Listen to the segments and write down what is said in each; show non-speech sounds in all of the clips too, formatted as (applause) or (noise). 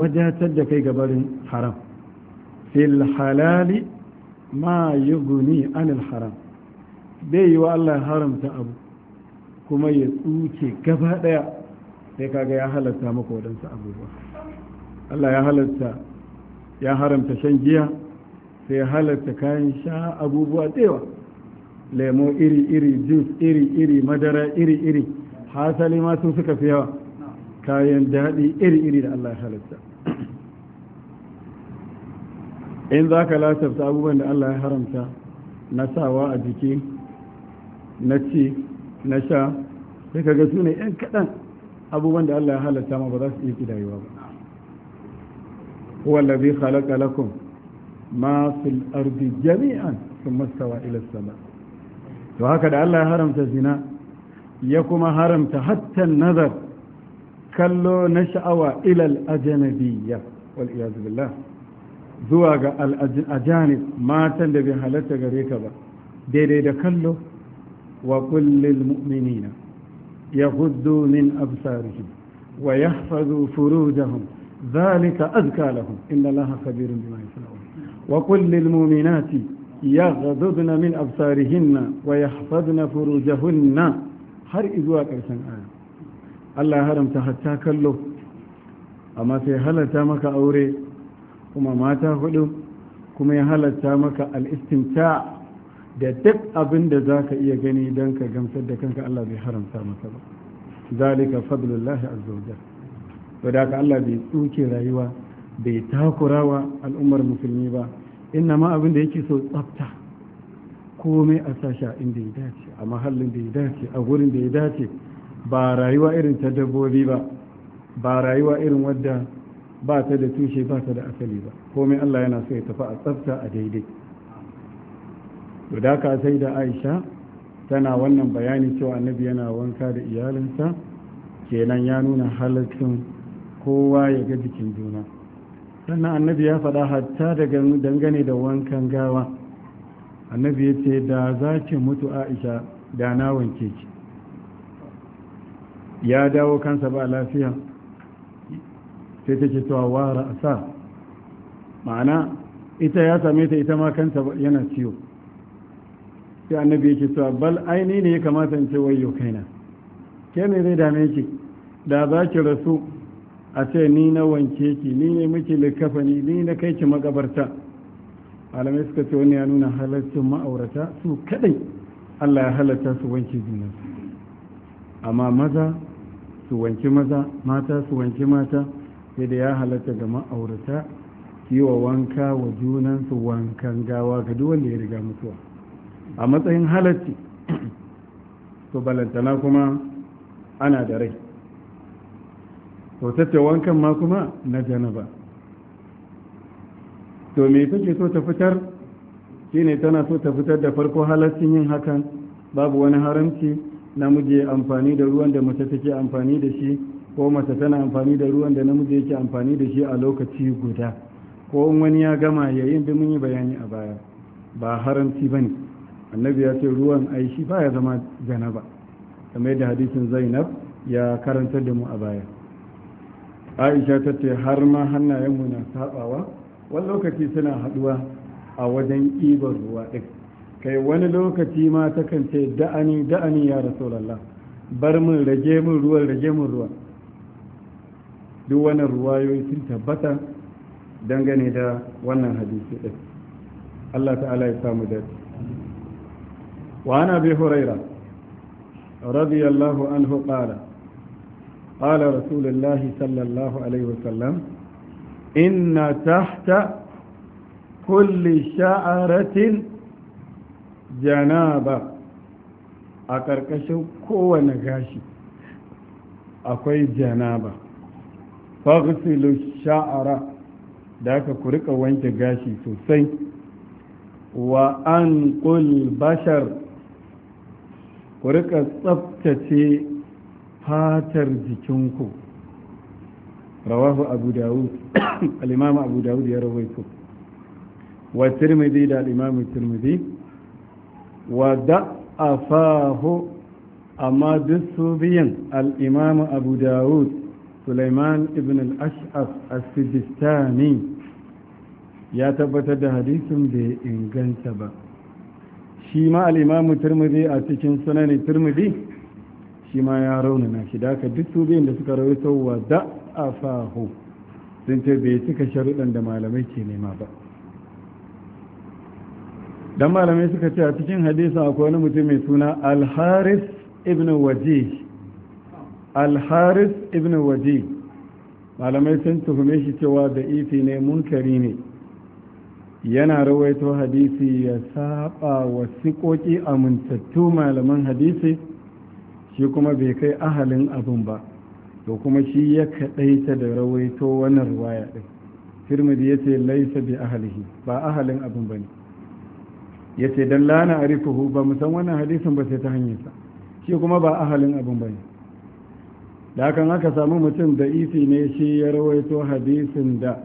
wajatar da kai gabarin haram fil halali ma yi guni anil haram bai yi wa Allah haramta abu kuma ya tsuke gaba daya sai kaga ya halatta maka waɗansu abubuwa Allah ya halatta ya haramta shan giya sai ya halatta kayan sha abubuwa tsewa lemo iri-iri jus iri-iri madara iri-iri hasali ma sun suka fi yawa kayan daɗi iri-iri da Allah ya halatta in za ka lasafta abubuwan da allah ya haramta na sawa a jiki na ci na sha sai ka ga su ne 'yan kaɗan abubuwan da allah ya halatta ma ba za su iya kidayewa ba wallazi khalaqa lakum ma fil ardi jami'an sun stawa ila sama to haka da allah ya haramta zina ya kuma haramta hatta nazar kallo na sha'awa ilal ajanabiyya wal iyaz billah zuwa ga al'ajanib matan da bai halatta gare ka ba daidai da kallo wa kullil mu'minina yahuddu min absarihim wa yahfazu furujahum zalika azka lahum inna allaha khabirun bima yasnaun wa kullil mu'minati yaghdudna min absarihinna wa ya yahfazna furujahunna har zuwa ƙarshen aya Allah ya haramta hatta kallo amma sai halatta maka aure kuma mata hudu kuma ya halatta maka al'istinta da duk abin da za ka iya gani don ka gamsar da kanka Allah bai haramta maka ba zalika fadlullahi azza wadda Allah bai tsuke rayuwa bai takurawa al'ummar musulmi ba inna ma abin da yake so tsafta komai a sasha inda ya dace a mahallin da ya dace a gurin da ya dace ba rayuwa irin ta dabbobi ba ba rayuwa irin wadda ba ta da tushe ba ta da asali ba komai Allah yana so ya tafi a tsafta a daidai to da ka sai da Aisha tana wannan bayani cewa annabi yana wanka da iyalinsa kenan ya nuna halaccin kowa ya ga jikin juna sannan annabi ya faɗa hatta daga dangane da wankan gawa annabi ya ce da za ki mutu aisha da na wanke ki ya dawo kansa ba lafiya sai ce cewa wa ra'asa ma'ana ita ya same ta ita ma kanta yana ciwo sai annabi yake cewa bal aini ne ya kamata in ce wayo kaina ke ne zai dame ki da za ki rasu a ce ni na wanke ki ni ne miki likafani ni na kai ki makabarta malamai suka ce wani ya nuna halaccin ma'aurata su kadai Allah ya halarta su wanke junansu amma maza su wanke maza mata su wanke mata sai da ya halatta ga ma'aurata yi wa wanka wa junansu wankan gawa ga duk wanda ya riga mutuwa a matsayin halatti to balantana kuma ana da rai to tace wankan ma kuma na janaba to me take so ta fitar shine tana so ta fitar da farko halattin yin hakan babu wani haramci namiji amfani da ruwan da mace take amfani da shi ko mace tana amfani da ruwan da namiji yake amfani da shi a lokaci guda ko wani ya gama yayin da mun yi bayani a baya ba haramci ba ne annabi ya ce ruwan aishi ba ya zama janaba kamar da hadisin zainab ya karantar da mu a baya aisha ta ce har ma hannayenmu na sabawa wani lokaci suna haduwa a wajen ibar ruwa ɗin kai wani lokaci ma takan ce da'ani da'ani ya rasulallah bar min rage min ruwan rage min ruwan duk wani ruwa ruwayoyi sun tabbata dangane da wannan hadisi ɗin Allah ta'ala ya samu dace wa ana bi huraira radiyallahu anhu qala قال رسول sallallahu alaihi الله عليه وسلم إن تحت كل شعرة janaba a ƙarƙashin kowane gashi akwai janaba fagisilu sha'ara da aka ku wanke gashi sosai wa an bashar kurika tsabtace tsaftace fatar jikinku rawahu abu dawud (coughs) al-imam abu dawud ya rawaito wa tirmidhi da al-imam tirmidhi wa da'afahu amma duk su biyan al'imamu abu dawud suleiman ibn al a as ya tabbatar da hadisin bai inganta ba shi ma al'imamu turmudi a cikin sunanin turmudi shi ma ya raunana shi da aka duk su biyan da suka rawaito wa da'afahu sun ce bai cika sharuɗan da malamai ke nema ba dan malamai suka ce a cikin hadisin akwai wani mutum mai suna al-haris ibn waje al-haris ibn waje malamai sun tuhume shi cewa da ifi ne munkari ne yana rawaito hadisi ya saba wa siƙoƙi amintattu malaman hadisi shi kuma bai kai ahalin abin ba to kuma shi ya kaɗaita da rawaito wannan ruwaya din firmidi ya ce laisa bi ahalihi ba ahalin abin ba ne ya ce don lana a rikuhu ba mu san wannan hadisin ba sai ta hanyarsa shi kuma ba ahalin abin ba ne da hakan aka samu mutum da isi ne shi ya rawaito hadisin da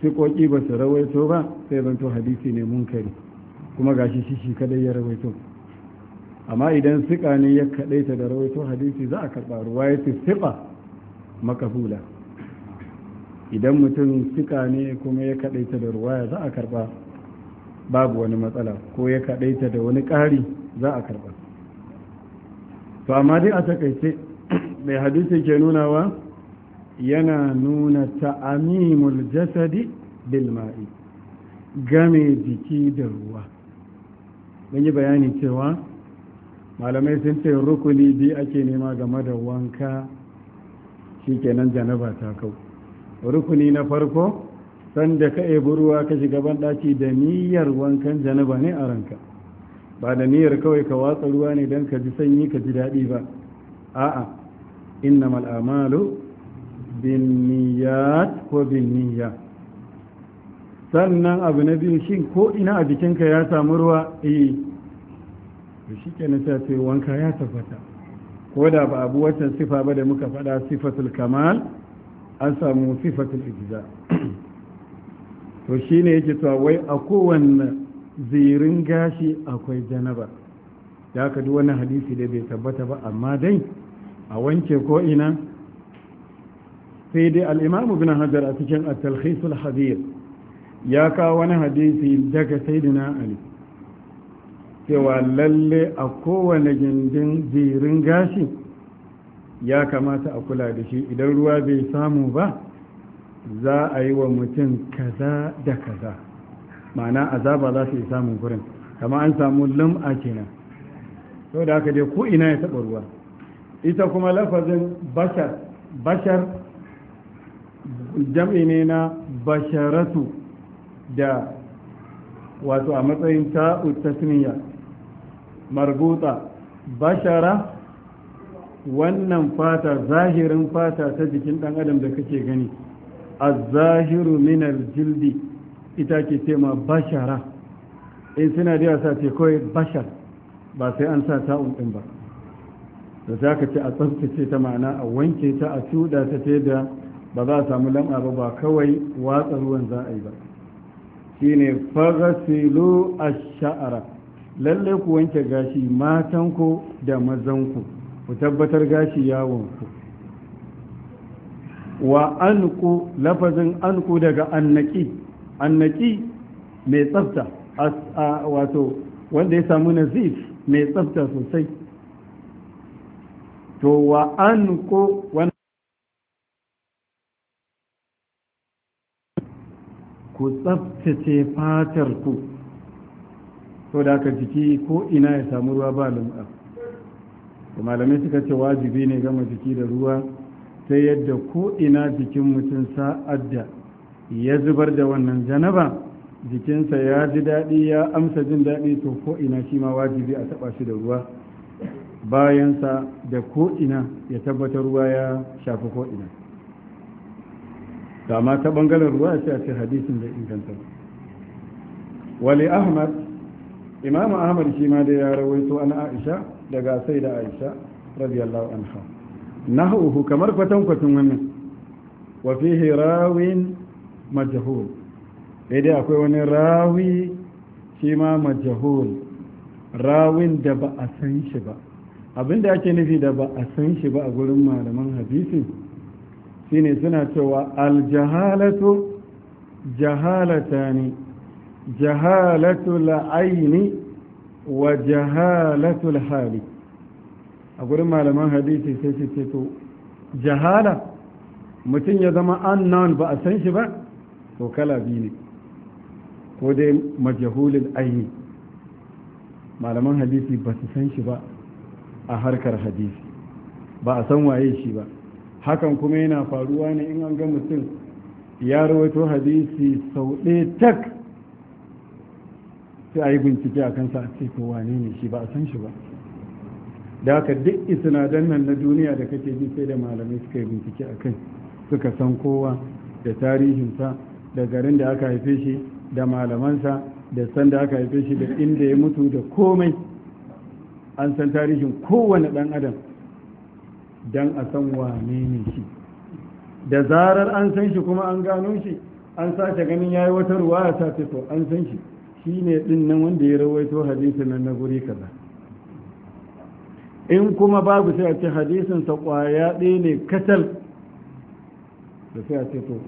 sikoki ba su rawaito ba sai zanto hadisi ne munkari kuma gashi shi shi kadai ya rawaito amma idan sika ne ya kadaita da rawaito hadisi za a karɓa ruwa ya sifa makabula idan mutum sika ne kuma ya kadaita da ruwaya za a karɓa babu wani matsala ko ya kaɗaita da wani ƙari za a karɓa to amma dai a takaice (coughs) mai hadisi ke nunawa yana nuna ta'amimul jasadi bil ma'i game jiki da ruwa don yi bayani cewa malamai sun ce rukuni biyu ake nema game da wanka shi kenan janaba ta kau rukuni na farko sanda ka ebi ruwa ka shiga banɗaki da niyyar wankan janaba ne a ranka ba da niyyar kawai ka watsa ruwa ne don ka ji sanyi ka ji daɗi ba a'a inna mal'amalu bin niyyat ko bin niyya sannan abu na biyu shin ko ina a jikinka ya samu ruwa eh to shi ke ce wanka ya tabbata ko da ba abu waccan sifa ba da muka faɗa sifatul kamal an samu sifatul ijza to shi ne yake cewa wai a kowanne zirin gashi akwai janaba ya ka wani hadisi da bai tabbata ba amma dai a wanke ko ina sai dai al'imamu bin hajar a cikin atalhisul hadir ya kawo wani hadisi daga saidina ali cewa lalle a kowane gindin zirin gashi ya kamata a kula da shi idan ruwa bai samu ba za a yi wa mutum kaza da kaza ma'ana azaba za su yi samun gurin kama an samu lam'a kenan so da aka dai ko ya taɓa ruwa ita kuma lafazin bashar bashar jam'i ne na basharatu da wato a matsayin ta'ud tasniya marbuta bashara wannan fata zahirin fata ta jikin ɗan adam da kake gani azahiru zahiru min jildi ita ke ce ma bashara in suna da yasa ce kawai bashar ba sai an sa ta'un din ba da za ka ce a tsaftace ta ma'ana a wanke ta a cuɗa ta ce da ba za a samu lam'a ba ba kawai watsa ruwan za a yi ba shine fagasilu a sha'ara, lalle ku wanke gashi matanku da mazanku ku tabbatar gashi yawonku wa anku lafazin anku daga annaki annaki mai tsafta wato wanda ya samu nazif mai tsafta sosai to wa anku ku tsaftace fatar ku to da aka jiki ko ina ya samu ruwa ba lum'a malamai suka ce wajibi ne gama jiki da ruwa ta yadda ko'ina jikin mutum sa'ad da ya zubar da wannan janaba jikinsa ya ji daɗi ya amsa jin daɗi to ko'ina shi ma wajibi a taɓa shi da ruwa bayansa da ko'ina ya tabbatar ruwa ya shafi ko'ina kama ta ɓangaren ruwa sai a ce hadisin da inganta wali ahmad imam ahmad shi ma da ya rawaito an aisha daga sai da aisha radiyallahu anha nahawuhu kamar kwatankwacin wannan wa fihi rawin majhul dai akwai wani rawi shi ma majhul rawin da ba a san shi ba abinda ake nufi da ba a san shi ba a gurin malaman hadisi shine suna cewa aljahalatu jahalatani jahalatu la'aini wa jahalatu hali a gurin malaman hadisi sai ce ce to jahala mutum ya zama unknown ba a san shi ba to kala biyu ne ko dai majahulin aini malaman hadisi ba su san shi ba a harkar hadisi ba a san waye shi ba hakan kuma yana faruwa ne in an ga mutum ya rawaito hadisi sau ɗaya tak sai a yi bincike a kansa a ce to wane ne shi ba a san shi ba da haka duk isinadan nan na duniya da kake ji sai da malamai suka yi bincike a kai suka san kowa da tarihinsa da garin da aka haife shi da malamansa da san da aka haife shi da inda ya mutu da komai an san tarihin kowane ɗan adam don a san wane ne shi da zarar an san shi kuma an gano shi an sace ganin yayi wata ruwa ya sace to an san shi ne din nan wanda ya rawaito hadisin nan na guri kaza in kuma babu sai a ce hadisin sa kwaya ɗaya ne katal da sai a ce to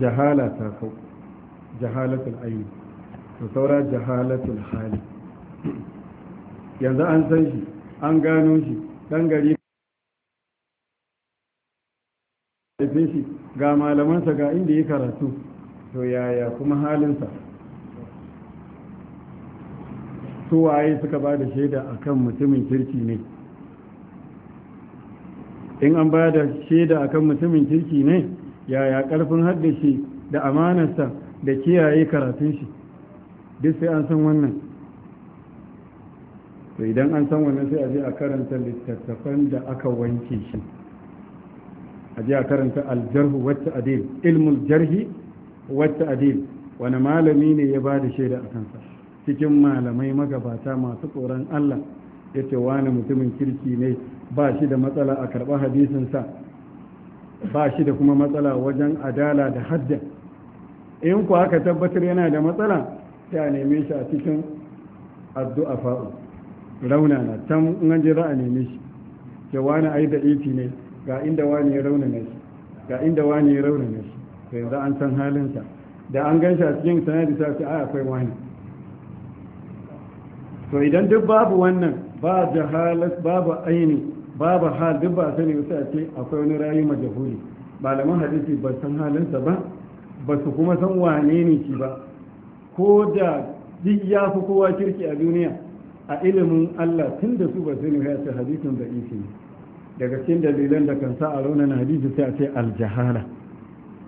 jahala ta kau jahalatul ayu da saura jahalatul hali yanzu an san shi an gano shi Ɗan gari shi ga malamansa ga inda ya karatu to yaya kuma halinsa su waye suka ba da shaida akan mutumin kirki ne in an ba da shaida akan mutumin kirki ne yaya karfin shi da amanarsa da kiyaye karatun shi duk sai an san wannan to idan an san wannan sai a je a karanta littattafan da aka wanke shi a je a karanta aljarhu wata adil ilmul jarhi wata adil wani malami ne ya ba da shaida a kansa cikin malamai magabata masu tsoron allah ya ce wani mutumin kirki ne ba shi da matsala a karɓa hadisinsa ba shi da kuma matsala wajen adala da hadda in ku aka tabbatar yana da matsala ta neme shi a cikin addu'a fa'u rauna na can in an za a neme shi ke wani ai da iti ne ga inda wani ya rauna ne shi ga inda wani ya rauna ne shi to yanzu an san halinsa da an gan shi a cikin sanadi ta ce ai akwai wani to idan duk babu wannan ba jahalas babu aini babu hal duk ba sani wasu a ce akwai wani rayu majahuli malaman hadisi ba san halinsa ba ba su kuma san wane ne shi ba ko da duk ya fi kowa kirki a duniya a ilimin Allah tun da su ba su ne ce hadisin da isi daga cikin dalilan da kan sa a raunan hadisi sai a ce aljahala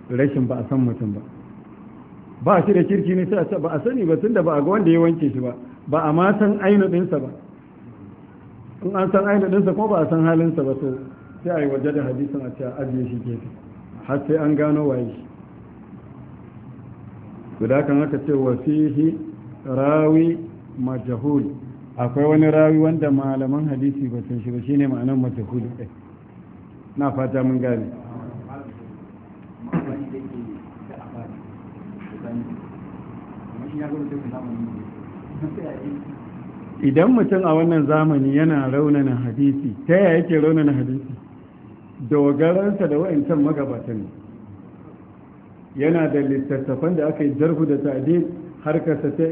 rashin ba a san mutum ba ba shi da kirki ne sai a ce ba a sani ba tun da ba a ga wanda ya wanke shi ba ba a ma san ainihin ba in an san ainihin ɗinsa ko ba a san halinsa ba to sai a yi waje da hadisin a ce a ajiye shi gefe har sai an gano waye shi guda kan haka ce wa fihi rawi majahul akwai wani rawi wanda malaman hadisi ba san shi ba shine ma'anar majahul ɗin na fata mun gane ya idan mutum a wannan zamani yana raunana hadisi ta yaya yake raunana hadisi dogaransa da wa'ancan magabata ne yana da littattafan da aka yi jarhu da ta'adil harkarsa ta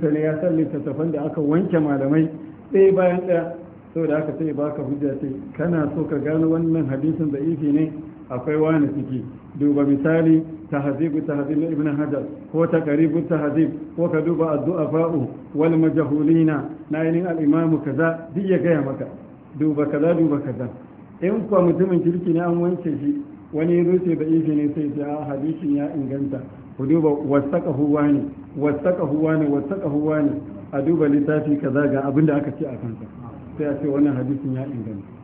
sa ne ya san littattafan da aka wanke malamai ɗaya bayan ɗaya saboda aka sai baka hujja ce kana so ka gano wannan hadisin da ne akwai wani ciki duba misali tahzibu tahzib ibn hajar ko taqribu tahzib ko ka duba addu'afa'u wal majhulina na yin al-imam kaza duk ya gaya maka duba kaza duba kaza in kuwa mutumin kirki ne an wanke shi wani rufe da ifi ne sai ta hadisin ya inganta ku duba wasaka huwa ne wasaka huwa huwa ne a duba littafi kaza ga abin da aka ci a kansa sai a wannan hadisin ya inganta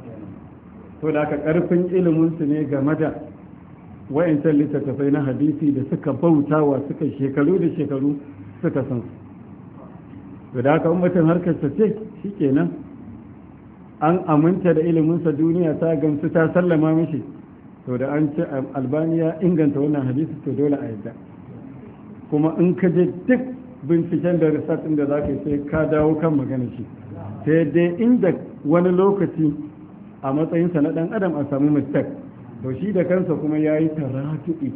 to da aka karfin ilimin ne game da wayancan littattafai na hadisi da suka bautawa suka shekaru da shekaru suka san su da haka ummatin harkarsa ce shi kenan an aminta da iliminsa duniya ta gamsu ta sallama mishi to da an ce albaniya inganta wannan hadisi to dole a yadda kuma in ka je duk binciken da research da za ka yi sai ka dawo kan magana shi sai dai inda wani lokaci a matsayinsa na dan adam a samu mistake to shi da kansa kuma ya yi taradu'i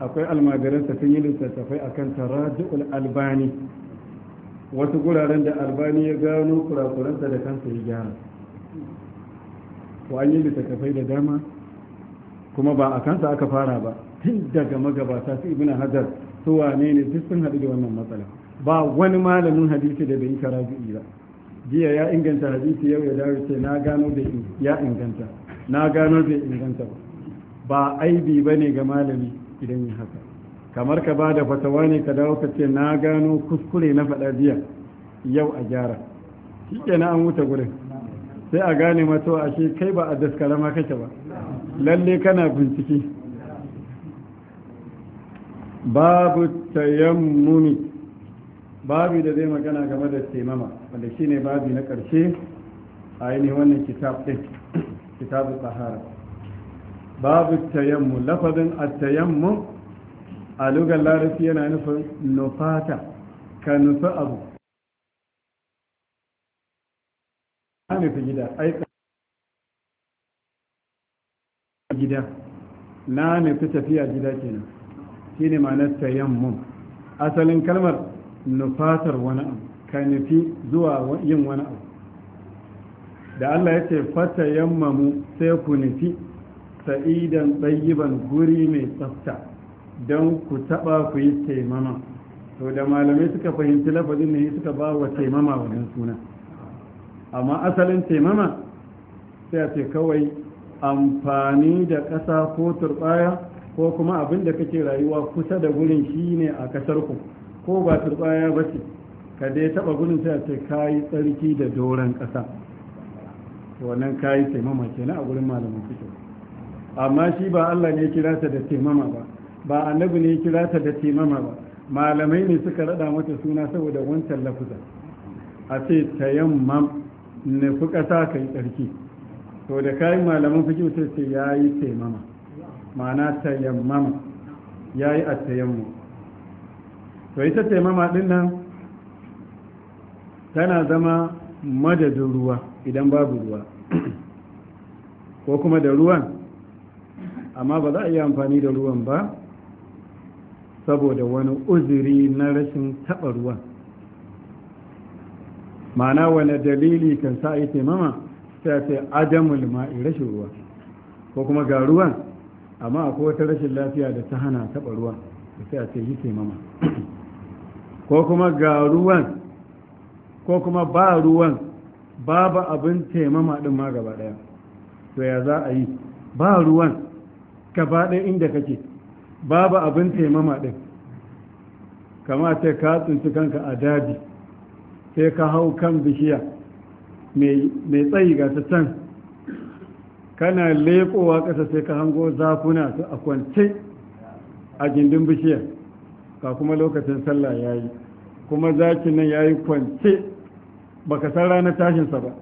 akwai almajiransa sun yi littattafai kan taradu'ul albani wasu guraren da albani ya gano kurakuransa da kansa ya gyara Ko an yi littattafai da dama kuma ba a kansa aka fara ba tun daga magabata su ibina hajar su wane ne duk sun haɗu da wannan matsala ba wani malamin hadisi da bai taradu'i ba jiya ya inganta hadisi yau ya dawo ce na gano da ya inganta na gano bai inganta ba ba aibi ba ne ga malami idan yi haka kamar ka ba da fatawa ne ka dawo ka ce na gano kuskure na faɗa jiya yau a gyara shi na an wuta gurin sai a gane mato ashe kai ba a daskara ma kake ba lalle kana bincike babu tayammumi babu da zai magana game da taimama wanda shine babu na ƙarshe a ainihin wannan kitab ɗin kitabu sahara babu tayammu lafazin at-tayammu a lugar larabci yana nufin nufata ka nufi abu ka nufi gida ai gida na nufi tafiya gida kenan shine ma'anar tayammu asalin kalmar nufatar wani abu ka nufi zuwa yin wani abu da Allah ya ce fata mu sai ku nufi sa'idan tsayiban guri mai tsafta don ku taɓa ku yi taimama to da malamai suka fahimci lafazin ne suka ba wa taimama wajen suna amma asalin taimama sai a ce kawai amfani da ƙasa ko turɓaya ko kuma abin da kake rayuwa kusa da gurin shi ne a ku ko ba turɓaya ba ce ka dai taɓa gurin sai a ce ka yi tsarki da doron ƙasa wannan ka yi taimama kenan a gurin malamin fito amma shi ba Allah ne kira ta da taimama ba ba annabi ne kira ta da taimama ba malamai ne suka rada mata suna saboda wancan lafuza a ce tayammam nufi ƙasa kai tsarki to da kayan malaman fiki sai ce ya yi taimama ma'ana tayammam ya yi a tayammu to ita taimama din nan tana zama madadin ruwa idan babu ruwa ko kuma da ruwan amma ba za a yi amfani da ruwan ba saboda wani uzuri na rashin taɓa ruwan ma'ana wani dalili kan sa yi taimama sai ce adamul ma'i rashin ruwa ko kuma ga ruwan amma akwai wata rashin lafiya da ta hana taɓa ruwan sai a ce yi taimama (clears throat) ko kuma ga ruwan ko kuma ba ruwan babu abin taimama ɗin ma gaba ɗaya to ya za a yi ba ruwan gaba ɗaya inda kake babu abin taimama ɗin kama ce ka tsinci kanka a daji sai ka hau kan bishiya mai tsayi ga ta can kana leƙowa ƙasa sai ka hango zafuna su a kwance a gindin bishiyar ka kuma lokacin sallah ya yi kuma zakin nan ya yi kwance baka san ranar tashinsa ba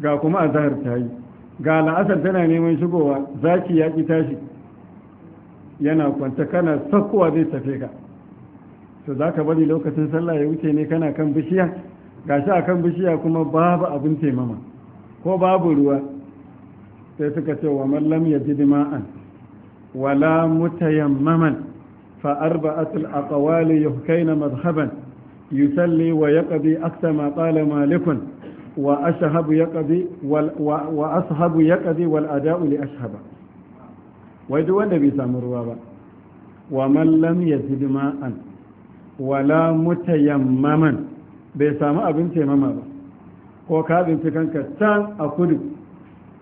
ga kuma a zahar ta yi ga la'asar tana neman shigowa zaki ya ƙi tashi yana kwanta kana sakkowa zai tafe ka to za ka bari lokacin sallah ya wuce ne kana kan bishiya ga shi a kan bishiya kuma babu abin taimama ko babu ruwa sai suka ce wa mallam ya ji dima'an wala mutayammaman فأربعة الأقوال mazhaban مذهبا يسلي ويقضي أكثر ما قال malikun? wa ashabu yaqdi wal wa ashabu yaqdi wal ada'u li ashaba wai duk wanda bai samu ruwa ba wa Mallam ya yazid ma'an wala mutayammaman bai samu abin taimama ba ko ka binci kanka can a kudu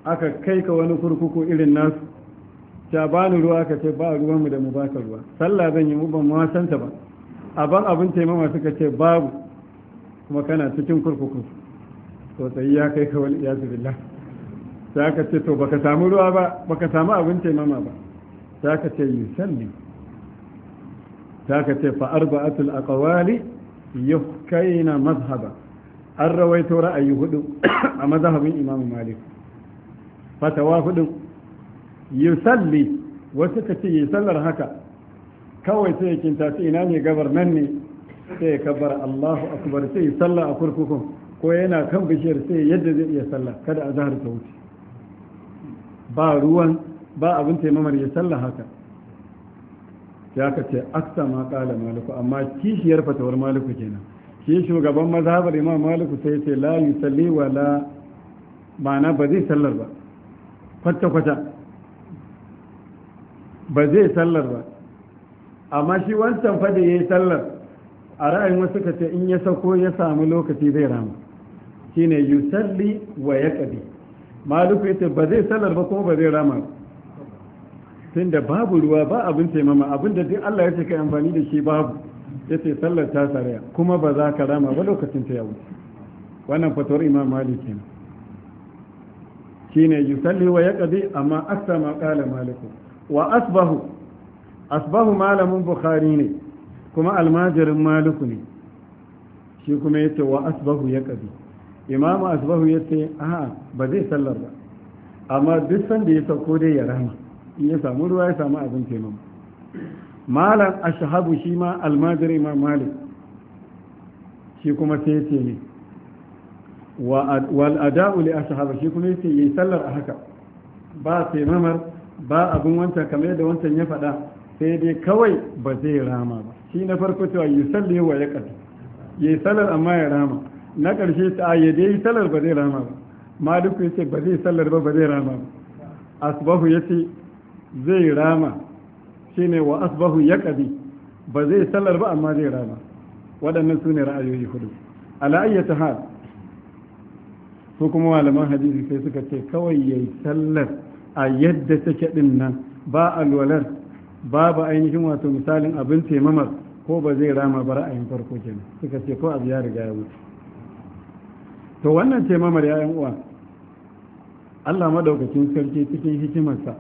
aka kai ka wani kurkuku irin nasu ta bani ruwa ka ce ba ruwanmu da mu baka ruwa sallah zan yi mu ban ma santa ba a ban abin taimama suka ce babu kuma kana cikin kurkuku tsayi ya kai ka wani iyasu billah za ka ce to baka samu ruwa ba baka samu abin taimama ba za ka ce yi salli za ka ce fa arba'atul aqwali yuhkaina mazhaba an rawaito ra'ayi hudu a mazhabin imam malik fatawa hudu yusalli wasu ka ce yi sallar haka kawai sai ya kinta ina ne gabar nan ne sai ya kabbara Allahu akbar sai ya salla a kurkukun ko yana kan bishiyar sai yadda zai iya sallah kada a zahar ta wuce ba ruwan ba abin taimamar ya sallah haka ya ka ce aksa ma kala maliku amma kishiyar fatawar maliku kenan shi shugaban mazhabar imam maliku sai ce la yusalli wa la ma'ana ba zai sallar ba kwata kwata ba zai sallar ba amma shi wancan fa da yayi sallar a ra'ayin wasu ka ce in ya sako ya samu lokaci zai rama shine yusalli wa yaqdi maliku yace ba zai sallar ba kuma ba zai rama tunda babu ruwa ba abin taimama abin da duk Allah ya ce kai amfani da shi babu yace sallar ta saraya kuma ba za ka rama ba lokacin ta yau wannan fatawar imam malik ne shine yusalli wa yaqdi amma asama qala maliku wa asbahu asbahu malamin bukhari ne kuma almajirin maliku ne shi kuma yace wa asbahu yaqdi imamu asbahu ya ce a ba zai sallar ba amma duk sanda ya sauko dai ya rama in ya samu ruwa ya samu abin taimama malam ashahabu shi ma almajir imam malik shi kuma sai ce ne wal ada'u li ashahabu shi kuma yace ce yi sallar a haka ba taimamar ba abin wancan kamar yadda wancan ya faɗa sai dai kawai ba zai rama ba shi na farko cewa yi wa ya ƙasa yi sallar amma ya rama na ƙarshe ta ya yi sallar ba zai rama ba duk ya ce ba zai sallar ba ba zai rama ba asbahu ya ce zai rama shine wa asbahu ya ƙabi ba zai sallar ba amma zai rama waɗannan su ne ra'ayoyi hudu ala'ayyata hal su kuma malaman hadisi sai suka ce kawai ya yi sallar a yadda take ɗin nan ba alwalar babu ainihin wato misalin abin taimamar ko ba zai rama ba ra'ayin farko kenan suka ce ko abu ya riga ya wuce to wannan ce mamar yayan uwa Allah madaukakin sarki cikin hikimarsa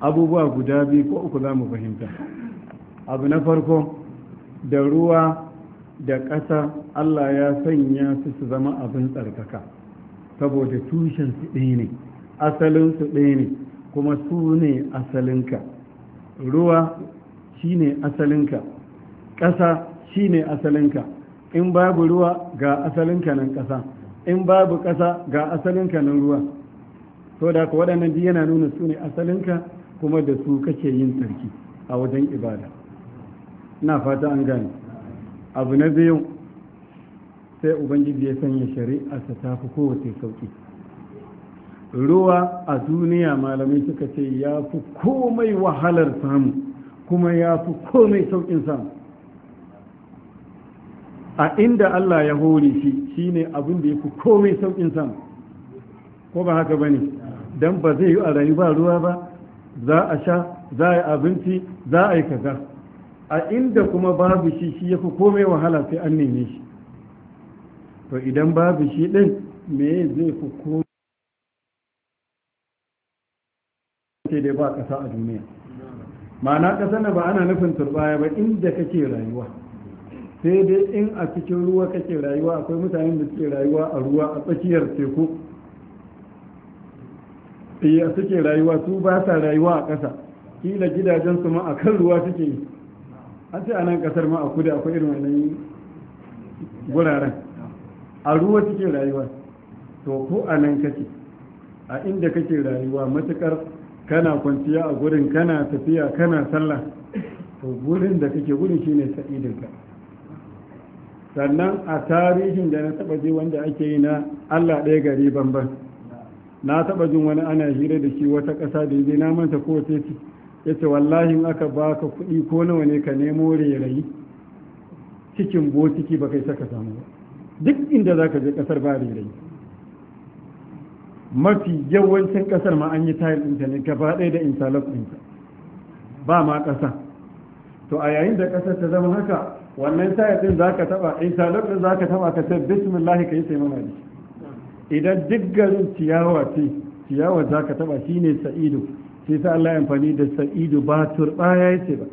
abubuwa guda biyu ko uku za mu fahimta abu na farko da ruwa da ƙasa Allah ya sanya su su zama abin tsarkaka saboda tushensu ɗaya ne asalinsu ɗaya ne kuma su ne asalinka ruwa shi asalinka ƙasa shi ne asalinka in babu ruwa ga asalin kanan ƙasa in babu ƙasa ga asalin kanan ruwa so da ka waɗannan duk yana nuna su ne asalinka kuma da su kake yin sarki a wajen ibada na fata an gane abu na biyu sai ubangiji ya sanya shari'arsa ta tafi kowace sauƙi ruwa a duniya malamai suka ce ya fi komai wahalar samu kuma ya fi komai sauƙin samu a inda Allah ya hore shi shine abin da ya fi komai sauƙin samu ko ba haka ba ne? dan ba zai yi a rayu ba ruwa ba za a sha za a yi abinci za a yi kaza a inda kuma babu shi shi ya fi komai wahala sai an neme shi to idan babu shi ɗin me zai fi komai ce dai ba ƙasa a duniya ma'ana ƙasa na ba ana nufin turbaya ba inda kake rayuwa sai dai in a cikin ruwa kake rayuwa akwai mutanen da suke rayuwa a ruwa a tsakiyar teku iya eh, suke rayuwa su ba sa rayuwa a ƙasa kila gidajen su ma a kan ruwa suke yi a ce a nan ƙasar ma a kudu akwai irin wannan guraren a ruwa suke rayuwa to ko a nan kake a inda kake rayuwa matukar kana kwanciya a gurin kana tafiya kana sallah to gurin da kake gurin shine sa'idinka sannan a tarihin da na taba ji wanda ake yi na Allah ɗaya gari banban na taba jin wani ana hira da shi wata ƙasa da yaje na manta ko ce ya ce wallahi in aka ka kuɗi ko nawa ne ka nemo rairayi cikin botiki ba kai saka samu ba duk inda za ka je ƙasar ba rairayi mafi yawancin ƙasar ma an yi tayar ɗinta ne gaba ɗaya da intanet ɗinta ba ma ƙasa to a yayin da ƙasar ta zama haka wannan taya din za ka taba intalok din za ka taba ka ce bismillah ka yi taimama ne idan duk garin ciyawa ce ciyawa za ka taba shi ne sa'idu sai sa Allah ya amfani da sa'idu ba turba ya ce ba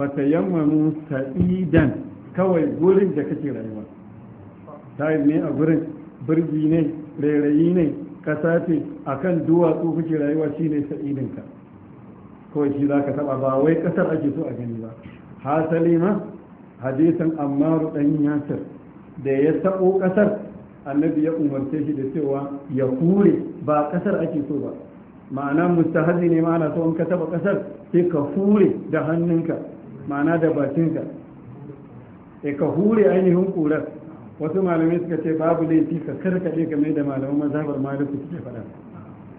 fata yammamu sa'idan kawai gurin da kake rayuwa tayin ne a gurin birgi ne rairayi ne kasa ce duwa duwatsu kake rayuwa shine sa'idinka kawai shi za ka taba ba wai kasar ake so a gani ba hasali ma hadisin ammaru dan yasir da ya taɓo ƙasar annabi ya umarce shi da cewa ya hure ba ƙasar ake so ba ma'ana mustahazi ne ma'ana so in ka taɓa ƙasar sai ka hure da hannunka ma'ana da bakinka sai eh, ka hure ainihin ƙurar wasu malamai suka ce babu laifi ka karkaɗe game da malaman mazhabar maliku suke faɗa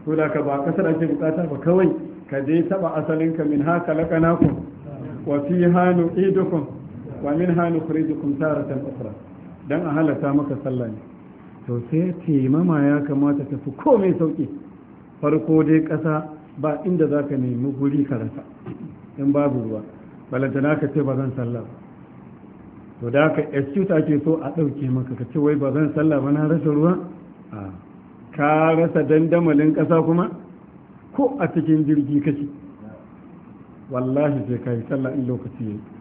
to da ka ba ƙasar ake bukata ba kawai ka je taɓa asalinka min haka laƙanakun wa fi hannu idukun wa min hannu kurijukum taratan ukra dan a halata maka sallah ne to sai taimama ya kamata ta fi komai sauki farko dai ƙasa ba inda za ka nemi guri ka rasa in babu ruwa na ka ce ba zan sallah ba to da ka excuse ake so a ɗauke maka ka ce wai ba zan sallah ba na rasa ruwa ka rasa dandamalin ƙasa kuma ko a cikin jirgi kashi wallahi sai ka yi sallah in lokaci ya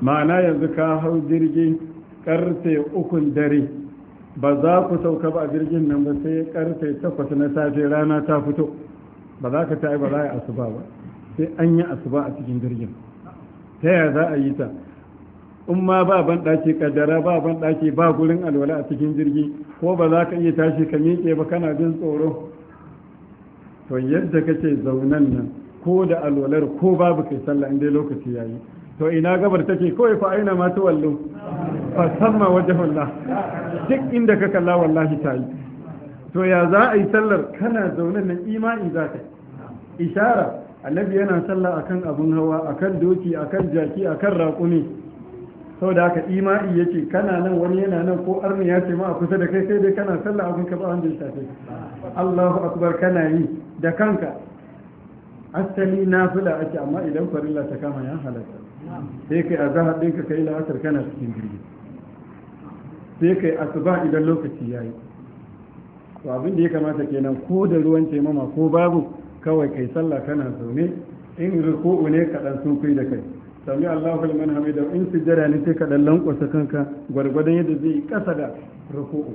ma'ana yanzu ka hau jirgi karfe ukun dare ba za ku sauka ba a jirgin nan ba sai karfe takwas na safe rana ta fito ba za ka ta ba za a yi asuba ba sai an yi asuba a cikin jirgin ta yaya za a yi ta in ma ba ban ɗaki kaddara ba ban ɗaki ba gurin alwala a cikin jirgi ko ba za ka iya tashi ka miƙe ba kana jin tsoro to yadda kake zaunan nan ko da alwalar ko babu kai sallah in dai lokaci yayi to ina gabar take kawai fa aina ma wallo fa samma wajhullah duk inda ka kalla wallahi ta yi. to ya za a yi sallar kana zaune nan imani za ka ishara annabi yana sallah akan abun hawa akan doki akan jaki akan raƙumi saboda haka imani yace kana nan wani yana nan ko arni ya ce ma a kusa da kai sai dai kana sallah abun ka ba wanda ya shafe Allahu akbar kana yi da kanka asali na nafila ake amma idan farilla ta kama ya halatta sai kai azhar din ka kai la'asar kana cikin jirgi sai kai asuba idan lokaci ya yi. to abin da ya kamata kenan ko da ruwan taimama ko babu kawai kai sallah kana zaune in ruku'u ne ka dan da kai sami Allahu liman hamida in sujjada ne sai ka dan lankwasa kanka gwargwadon yadda zai yi kasa da ruku'u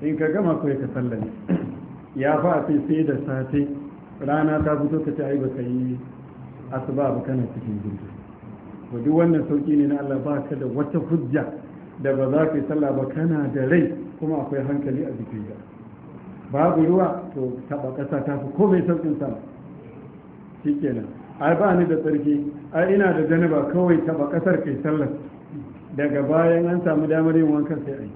in ka gama ko ka sallame ya fa sai sai da sati rana ta fito ka ce ai baka yi asuba ba kana cikin jirgi ba duk wannan sauki ne na Allah baka da wata hujja da ba za ka yi sallah ba kana da rai kuma akwai hankali a jikinka babu ruwa to taba kasa ta fi komai saukin sa, shikenan ai ba ni da tsarki ai ina da janaba kawai taba kasar kai sallar daga bayan an samu damar yin wankan sai ai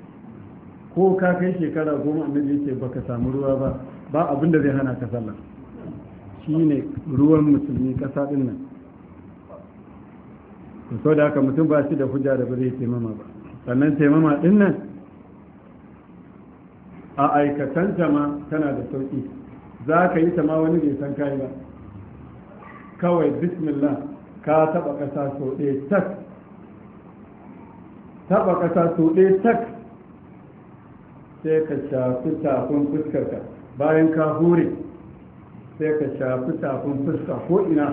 ko ka kai shekara goma annabi yake baka samu ruwa ba ba abin da zai hana ka sallah shine ruwan musulmi kasa din nan sau da haka mutum ba shi da hujja da ba taimama ba sannan taimama din nan a aikatan ma tana da sauki za ka yi ta ma wani bai san kai ba kawai bismillah ka taɓa ƙasa sau ɗaya tak taɓa ƙasa sau ɗaya tak sai ka shafi tafin fuskarka bayan ka hure sai ka shafi tafin fuska ko ina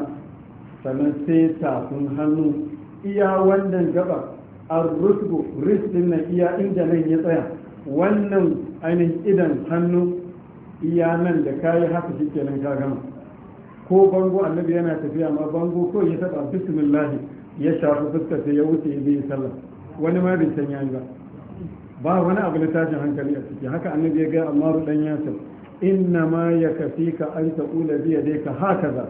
sannan sai tafin hannu iya wannan gaba an rusgo risdin na iya inda nan ya tsaya wannan ainihin idan hannu iya nan da kayi haka shi ke ka gama ko bango annabi yana tafiya ma bango ko ya taba bismillah ya shafi fuska sai ya wuce ya zai sallah wani ma bai san yayi ba ba wani abu na tashin hankali a ciki haka annabi ya ga amma rudan yasir inna ma ya kafi ka an taƙula biya dai ka haka za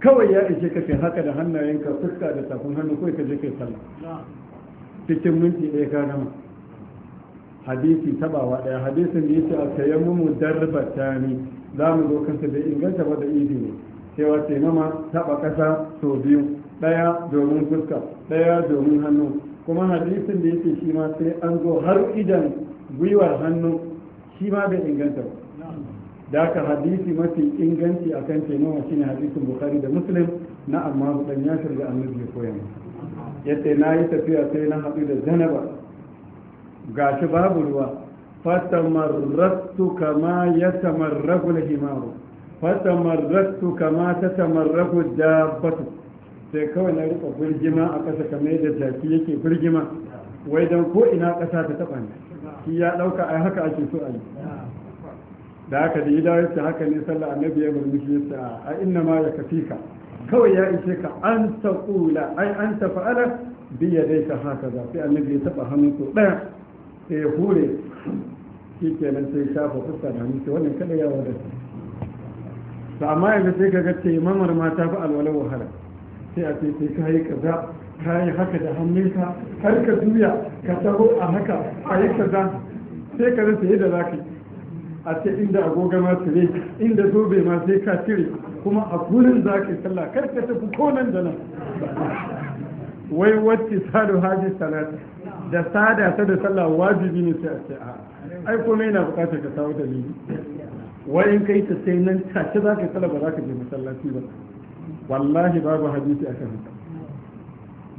kawai ya ishe ka haka da hannayenka fuska da tafin hannu kawai ka je kai sallah cikin minti ɗaya ka gama hadisi tabawa ɗaya hadisin da yake a tayammumu ni za mu zo kanta da inganta ba da idi ne cewa mama taɓa ƙasa sau biyu ɗaya domin fuska ɗaya domin hannu kuma hadisin da yake shi ma sai an zo har idan gwiwar hannu shi ma bai inganta ba daka hadisi mafi inganci a akan taimama shine hadisin bukari da muslim na amma dan ya shirga annabi ya koya yace na yi tafiya sai na haɗu da ga gashi babu ruwa fatamarrattu kama ya yatamarragu al-himaru fatamarrattu kama ta tatamarragu dabbatu sai kawai na rika birgima a ƙasa kama yadda jaki yake birgima wai don ko ina ƙasa ta taɓa ne shi ya ɗauka ai haka ake so a yi da haka da ya ce haka ne sallah annabi ya murmushi ya ce a inna ma ya kafika kawai ya ishe ka an taqula ai an tafa'ala bi yadayka haka da sai annabi ya taba hannun ko daya sai ya hure shi sai ya shafa fuska da hannu sai wannan kada ya wada. to amma yanzu sai kaga taimamar ma ta fi alwala wahala sai a ce sai ka yi kaza ka yi haka da hannunka har ka juya ka taho a haka a yi kaza sai ka sai da za ka yi a ce inda agoga ma su ne inda zobe ma sai ka cire kuma a gurin za ka sallah kar ka tafi ko nan da nan wai wacce sadu haji salata da sada ta da sallah wajibi ne sai a ce a ai kuma na bukatar ka samu dalili wai in kai ta sai nan tace za ka sallah ba za ka je masallaci ba wallahi babu hadisi akan haka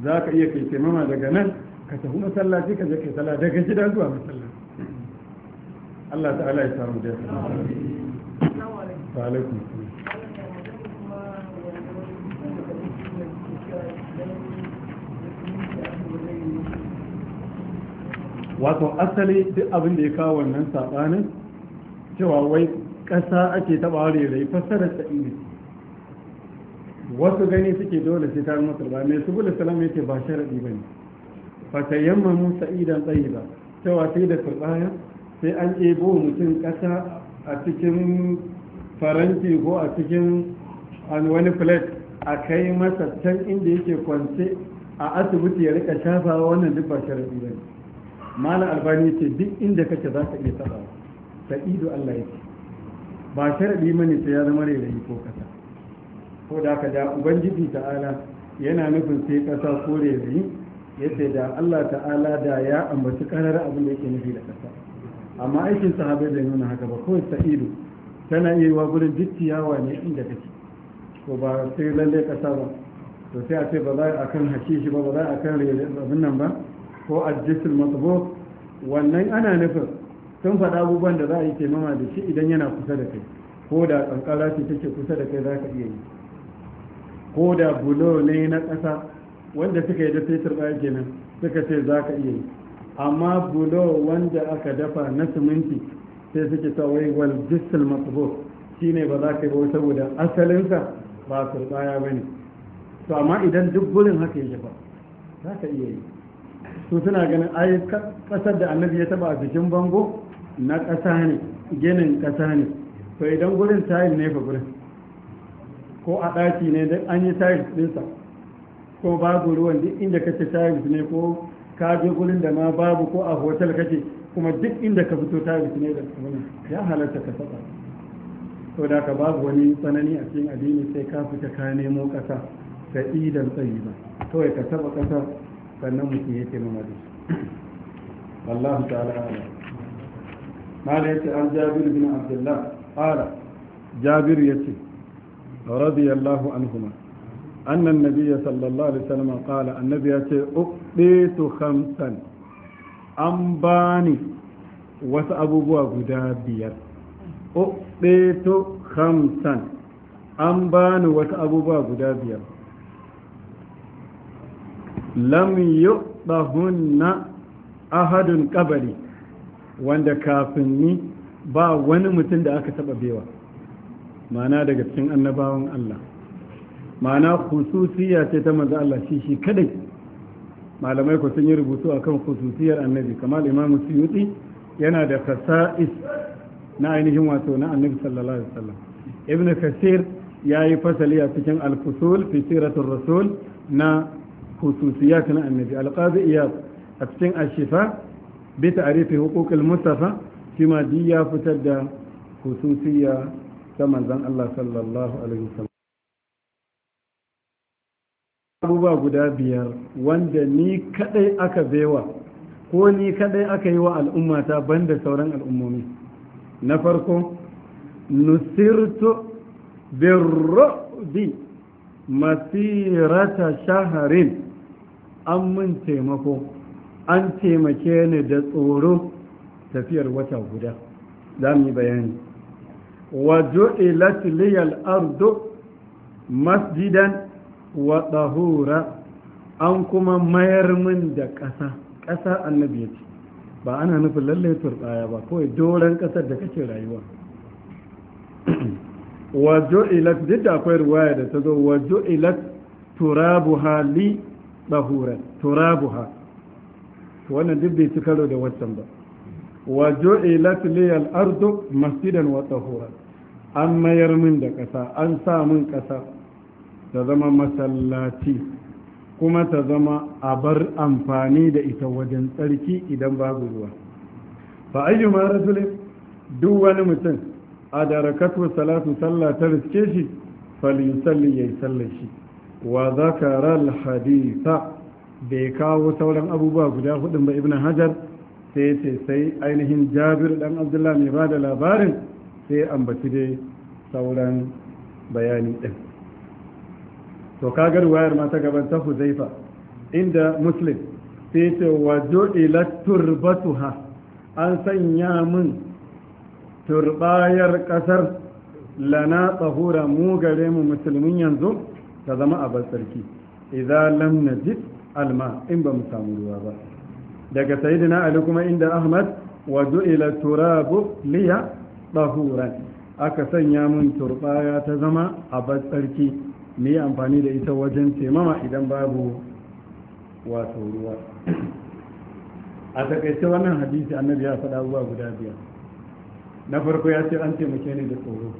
za ka iya kai taimama daga nan ka tafi masallaci ka je kai sallah daga gidan zuwa masallaci Allah ta'ala ya samu da ta alaikum wato asali duk abin da ya kawo wannan saɓanin cewa wai ƙasa ake taɓa rere fassarar ta ne wasu gani suke dole sai ta ba, mai subul salam yake ba sharaɗi ba ne fata yamma musa idan tsayi ba cewa sai da turbaya sai an ebo mutum kasa a cikin faranti ko a cikin wani plate a kai masa can inda yake kwance a asibiti ya rika shafa wannan duk ba sharaɗi ba malam albani ce duk inda kake za ka iya taɓa ta ido allah ya ce ba sharaɗi mani sai ya zama rairayi ko ƙasa ko da ka da ubangiji ta'ala yana nufin sai ƙasa ko rairayi yace da allah ta'ala da ya ambaci ƙarar abin da yake nufi da ƙasa amma aikin sahabai bai nuna haka ba kawai sa'idu tana iya yiwa gudun duk ciyawa ne inda kake ko ba sai lalle kasa ba to sai a ce ba za a kan hakishi ba ba za a kan abin nan ba ko adjisul matubo wannan ana nufin sun faɗa abubuwan da za a yi taimama da shi idan yana kusa da kai ko da kankara ce take kusa da kai za ka iya yi ko da bulo ne na ƙasa wanda suka yi da fetur ɗaya kenan suka ce za ka iya yi amma bulo wanda aka dafa na siminti sai suke wai wal jistil matubo shi ne ba za ka yi saboda asalinsa ba su tsaya ba ne to amma idan duk gurin haka yake ba za ka iya yi su suna ganin ai kasar da annabi ya taba a jikin bango na ƙasa ne ginin ƙasa ne to idan gurin tayin ne fa gurin ko a ɗaki ne da an yi tayin ɗinsa ko babu ruwan duk inda kace tayil ne ko ka je gurin da ma babu ko a hotel kake kuma duk inda ka fito ta ne da kuma ya halarta ka saba to da ka babu wani tsanani a cikin addini sai ka fita ka nemo ƙasa ta idan tsayi ba kawai ka saba ƙasa sannan mutum yake mamadu Allah ta'ala ala mala yace an jabir bin abdullah ala jabir yace radiyallahu anhuma annan nabiya sallallahu alaihi wasallam qala annabi ya ce uqditu khamsan an bani wasu abubuwa guda biyar uqditu khamsan an bani wasu abubuwa guda biyar lam yuqdahunna ahadun qabli wanda kafin ni ba wani mutum da aka taba bewa ma'ana daga cikin annabawan Allah ma'ana khususiyya ce ta manzo Allah shi shi kadai malamai ku sun yi rubutu akan khususiyar annabi kamar imamu suyuti yana da fasa'is na ainihin wato na annabi sallallahu alaihi wasallam ibn kasir ya yi fasali a cikin al-fusul fi siratul rasul na khususiyat na annabi al-qadi iyad a cikin ashifa bi ta'rifi huquqil mustafa shi ma ya fitar da khususiyya ta manzon Allah sallallahu alaihi wasallam abubuwa guda biyar wanda ni kadai aka baiwa ko ni kadai aka yi wa al'ummata banda sauran al'ummomi na farko nusirtu birrodi masirata shaharin an mun taimako an taimake ni da tsoro tafiyar wata guda za mu yi bayani wa jo'ilat liyal ardu masjidan wa ɗahura an kuma mayar min da ƙasa ƙasa annabi ya ce ba ana nufin lallai turɓaya ba kawai doron ƙasar da kake rayuwa (clears throat) wa jo'ilat duk da akwai ruwaya da ta zo wa jo'ilat turabuha li ɗahura turabuha wannan duk bai ci karo da wancan ba wa jo'ilat li al-ardu masjidan wa ɗahura an mayar min da ƙasa an sa min ƙasa ta zama masallaci kuma ta zama a bar amfani da ita wajen tsarki idan babu ruwa fa ayyuma rajulin duk wani mutum a darakatu salatu sallah ta riske shi falisalli ya yi sallar shi wa al haditha bai kawo sauran abubuwa guda hudun ba ibn hajar sai ce sai ainihin jabir dan abdullahi mai ba da labarin sai ambaci dai sauran bayani ɗin to kaga ruwayar ma ta gaban ta huzaifa inda muslim sai ce wa turbatu ha an sanya min turbayar kasar lana tsahura mu gare mu musulmin yanzu ta zama a sarki idan lam najid alma in ba mu samu ruwa ba daga sayidina ali kuma inda ahmad wa ila turabu liya tsahuran aka sanya min turbaya ta zama a sarki mu yi amfani da ita wajen taimama idan babu wato ruwa a takaice wannan hadisi annabi ya faɗa zuwa guda biyar na farko ya ce an taimake ni da tsoro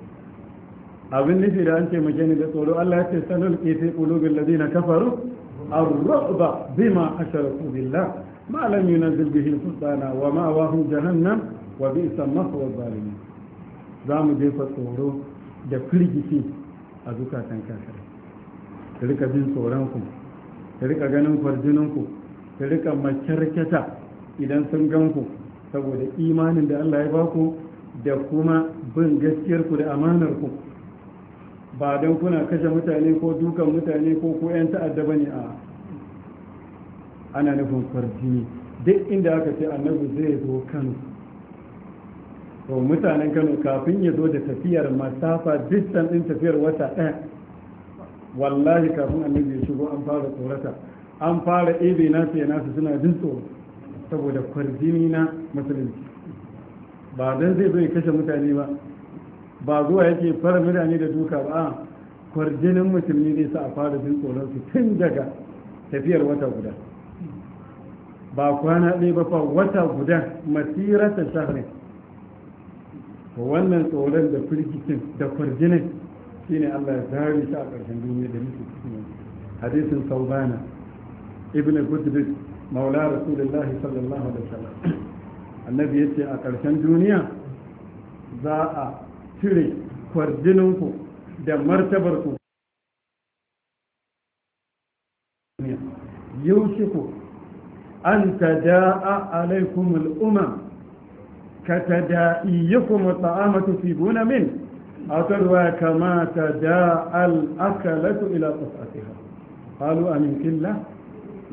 abin nufi da an taimake ni da tsoro Allah ya ce sanul ƙulubin qulubil na kafaru ar-ru'ba bima asharaku billah ma lam yunzil bihi sultana wa ma wahum jahannam wa bi'sa maswa zalimin za mu jefa tsoro da firgici a zukatan kafirai ta rika bin tsoronku ta rika ganin farjininku, ta rika makyarkyata idan sun ganku saboda imanin da Allah ya baku da kuma bin gaskiyarku da amanarku ba don kuna kashe mutane ko dukan mutane ko ko 'yan ta'adda ba ne a ana nufin farjini duk inda aka ce annabi zai zo kano to mutanen kano kafin ya zo da tafiyar masafa distan din tafiyar wata ɗaya wallahi kafin annabi ya shigo an fara tsorata an fara ibe na ce nasu suna jin tsoro saboda kwarjini na musulunci ba dan zai zo ya kashe mutane ba ba zuwa yake fara mutane da duka ba kwarjinin musulmi zai sa a fara jin tsoron su tun daga tafiyar wata guda ba kwana ɗaya ba fa wata guda masirata shahrin wannan tsoron da firgicin da kwarjinin shine Allah ya zari shi a ƙarshen duniya da muke cikin hadisin saubana ibn gudbis maula rasulullah sallallahu alaihi wasallam annabi ce a ƙarshen duniya za a cire kwarjininku da martabarku an يوشك أن تداء عليكم الأمم كتدائيكم الطعام تصيبون min? a wata ruwaya kamata da al'akalatu ila qasatiha qalu amin killa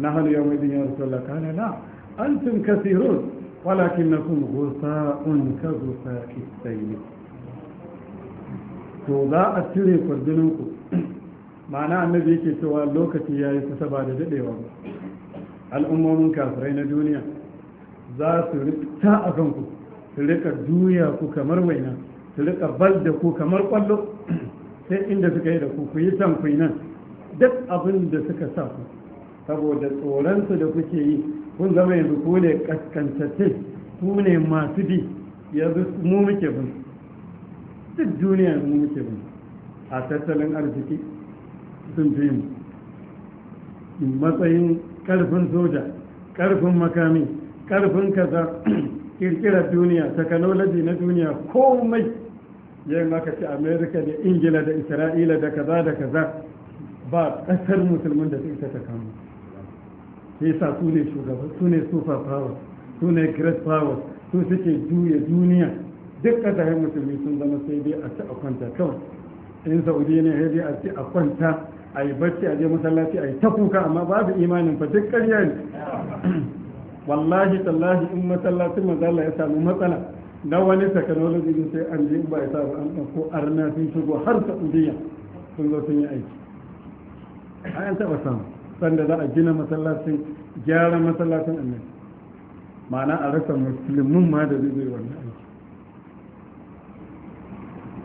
نحن يومئذ يا رسول الله قال لا أنتم كثيرون ولكنكم غثاء كغثاء السيل to za a cire kwarduninku ma'ana annabi yake cewa lokaci ya yi kusa da daɗewa ba al'ummomin kafirai na duniya za su rikta a kanku su rika juya ku kamar waina su rika bal da ku kamar kwallo sai inda suka yi da ku ku yi can ku nan duk abin da suka sa ku saboda tsoronsu da kuke yi kun zama yanzu ku ne kaskantace ku ne masu bi yanzu mu muke bin duk duniya mu muke bin a tattalin arziki sun fi mu matsayin karfin soja karfin makami karfin kaza kirkirar (clears throat) duniya technology na duniya komai yin aka ce amerika da ingila da isra'ila da kaza da kaza ba kasar musulmin da su ita ta kama yasa su ne shugaba su ne super power su ne great power su suke juya duniya duk kasashen musulmi sun zama sai dai a ci a kwanta kawai in saudiya ne sai dai a ci a kwanta a yi barci a je masallaci a yi ta kuka amma babu imanin fa duk karya ne wallahi tallahi in masallacin mazala ya samu matsala na wani technology din sai an je ba ya sa an an ɗauko arna sun shigo har saudiya sun zo sun yi aiki a yan taɓa samu sanda za a gina masallacin gyara masallacin annabi ma'ana a rasa musulmin ma da zai yi wannan aiki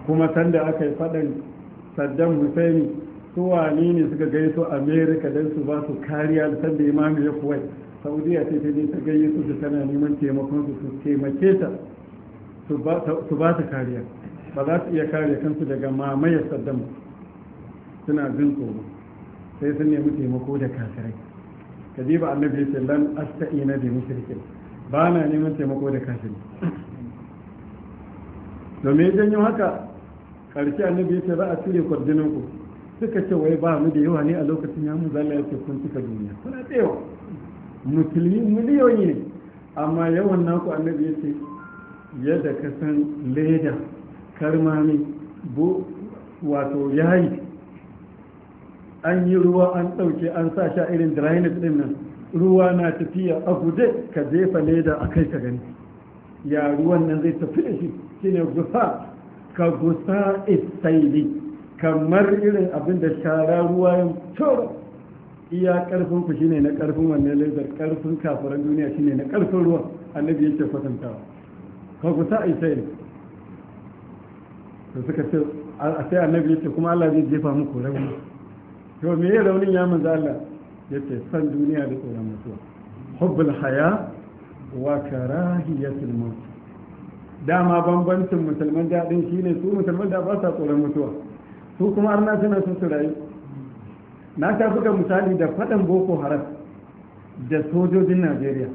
kuma sanda aka yi faɗin saddam husaini su wani ne suka gaiso america don su ba su kariya da sanda imamu ya kuwai, saudiya ce ta ne ta gayyato su tana neman taimakon su su taimake ta su ba ta kariya ba za su iya kare kansu daga mamaye saddam suna jin tsoro sai sun nemi taimako da kafirai ka je ba annabi ya ce lan asta'ina bi mushrikin ba na neman taimako da kafiri domin yau haka karshe annabi ya ce za a cire kwarjinin ku suka ce wai ba mu da yawa ne a lokacin ya mu zalla ya ce kun cika duniya kuna tsewa musulmi miliyoyi ne amma yawan naku annabi ya ce yadda ka san leda karmami wato yayi an yi ruwa an ɗauke an sa sha irin drainage ɗin nan ruwa na tafiya a guje ka jefa leda a kai ka gani ya ruwan nan zai tafi da shi shine gusa ka gusa isaili kamar irin abin da shara ruwa yin coro iya karfin ku shine na karfin wannan lezar karfin kafaran duniya shine na karfin ruwa annabi yake kwatantawa ko ku sa ai sai to suka ce a sai annabi yace kuma Allah zai jefa muku rauni to me ya raunin ya manzo Allah ce san duniya da tsoron mutuwa hubbul haya wa karahiyatul maut dama bambancin musulman daɗin shine su musulman da ba sa tsoron mutuwa su kuma arna suna so su rayu na ta buga misali da faɗan boko haram da sojojin najeriya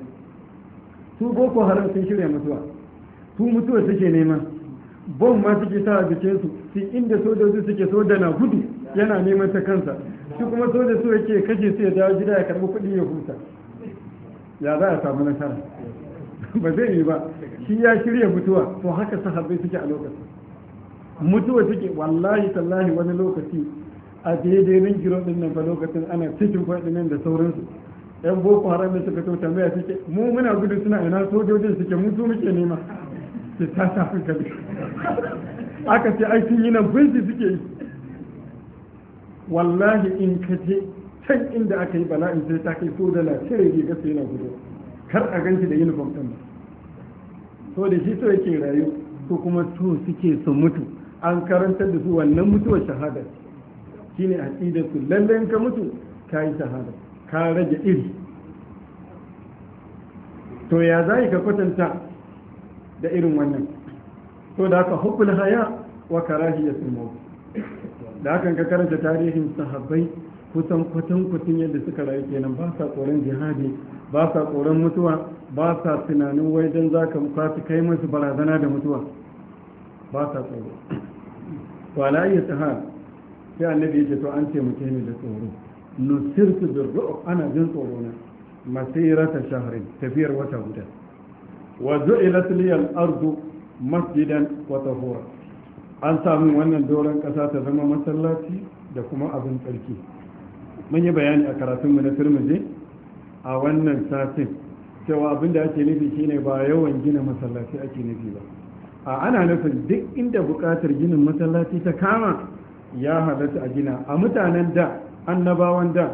su boko haram sun shirya mutuwa su mutuwa suke nema bom ma suke sa a jikinsu su inda sojoji suke soja na gudu yana neman ta kansa shi kuma soja su yake kashe su ya dawo gida ya karbi kuɗi ya huta ya za a samu nasara ba zai yi ba shi ya shirya mutuwa to haka sahabbai suke a lokacin mutuwa suke wallahi tallahi wani lokaci a daidai nan giro din nan ba lokacin ana cikin faɗin nan da sauransu yan boko haram da suka to tambaya suke mu muna gudu suna ina sojojin suke mutu muke nema ke ta shafi gari aka ce aikin yi nan bunji suke yi wallahi in ka je can inda aka yi bala'in sai ta kai so da na cire riga yana gudu kar a ganci da uniform ɗin so da shi so yake rayu ko kuma so suke su mutu an karantar da su wannan mutuwar shahada shine aqidar su lalle ka mutu ka yi shahada ka rage iri to ya za ka kwatanta da irin wannan to da haka hubbul haya wa karahiyatul maut da hakan ka karanta tarihin sahabbai kusan kwatan kwatan yadda suka rayu kenan ba sa tsoron jihadi ba sa tsoron mutuwa ba sa tunanin wai dan zaka ka su kai musu barazana da mutuwa ba sa tsoro to ala ayi sahab sai annabi ce to an ce mutane da tsoro nusirtu birru ana jin tsoro na masirata shahrin tafiyar wata guda wa ju'ilat li al-ardu masjidan wa tahura an samu wannan doron kasa ta zama masallaci da kuma abin tsarki mun yi bayani a karatun mu na Tirmidhi a wannan satin cewa abin da ake nufi shine ba yawan gina masallaci ake nufi ba a ana nufin duk inda buƙatar ginin masallaci ta kama ya halatta a gina a mutanen da annabawan da